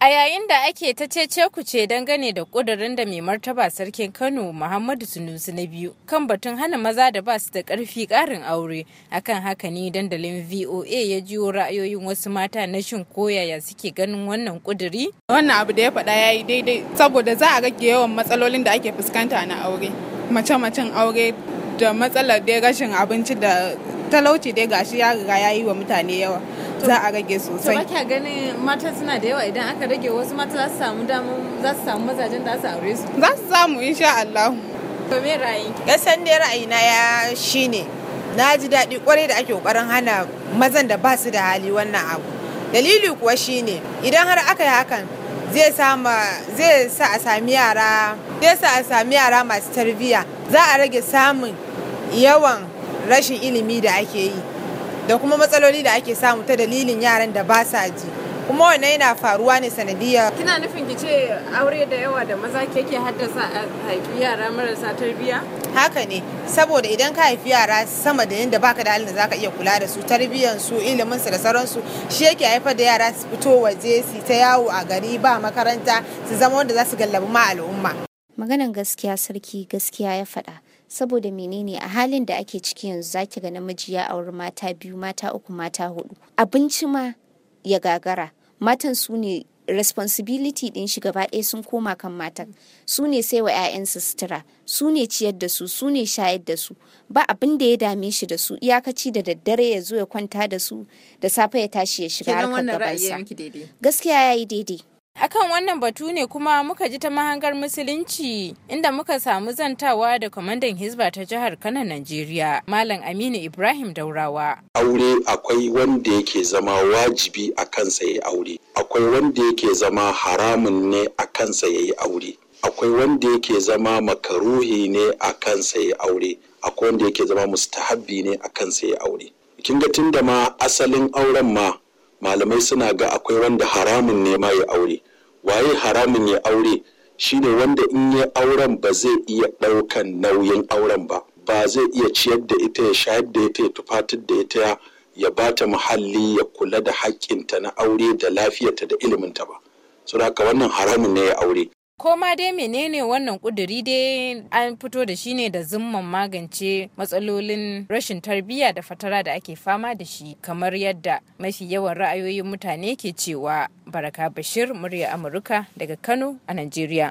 A yayin da ake ta cece ce dangane da ƙudurin da mai martaba sarkin Kano Muhammadu Sunusi na biyu kan batun hana maza da ba su da karfi karin aure akan haka ne dandalin VOA ya jiyo ra'ayoyin wasu mata na shin koyaya suke ganin wannan ƙuduri. Wannan abu da ya faɗa ya yi daidai saboda za a rage yawan matsalolin da ake fuskanta na aure. Mace-macen aure da matsalar da rashin abinci da talauci dai gashi ya riga ya yi wa mutane yawa. za a rage sosai to baka gani mata suna da yawa idan aka rage wasu mata za su samu damu za su samu mazajen da su aure su za su samu insha Allah to me ra'ayi gasan ra'ayi ra'ayina ya shine na ji daɗi kwarai da ake kokarin hana mazan da ba su da hali wannan abu dalili kuwa shine idan har aka yi hakan zai zai sa a sami yara zai sa a sami yara masu tarbiyya za a rage samun yawan rashin ilimi da ake yi da kuma matsaloli da ake samu ta dalilin yaran da ba sa ji kuma wannan yana faruwa ne sanadiyar kina nufin ki ce aure da yawa da maza ke ke haddasa a eh, haifi yara marasa tarbiyya haka ne saboda idan ka haifi yara sama da yadda baka da halin da zaka iya kula da su tarbiyyar su ilimin su da sauransu shi yake haifar da yara su fito waje su ta yawo a gari ba makaranta su zama wanda za su gallabi ma al'umma maganan gaskiya sarki gaskiya ya faɗa saboda menene a halin da ake ciki yanzu zaki ga namiji ya auri mata biyu mata uku mata hudu abinci ma ya gagara matan su ne responsibility din shi gaba ɗaya sun koma kan matan su ne sai wa 'ya'yansu sutura su ne ciyar da su su ne shayar da su ba abin da ya dame shi da su iyakaci da daddare ya zo ya kwanta da su da safe ya tashi ya shiga harkar gabansa gaskiya ya yi daidai Akan wannan batu ne kuma muka ji ta mahangar musulunci inda muka samu zantawa da kwamandan Hizba ta jihar Kano Najeriya, Malam Aminu Ibrahim Daurawa. Aure akwai wanda yake zama wajibi a kansa ya yi aure, akwai wanda yake zama haramun ne a kansa ya yi aure. Akwai wanda yake zama makaruhi ne a kansa ya aure, akwai wanda yake zama mustahabbi ne a kansa ya aure. Kin ga tun da ma asalin auren ma malamai suna ga akwai wanda haramun ne ma ya aure waye haramin ya aure shine wanda in ya auren ba zai iya ɗaukan nauyin auren ba ba zai iya ciyar da ita ya shayar da ita ya tufatar da ita ya ba ta muhalli ya kula da haƙƙinta na aure da lafiyarta da iliminta ba saboda haka wannan haramin ne ya aure koma dai menene wannan kuduri dai an fito da shi ne da zumman magance matsalolin rashin tarbiyya da fatara da ake fama da shi kamar yadda mafi yawan ra'ayoyin mutane ke cewa Baraka Bashir murya Amurka daga Kano a Najeriya.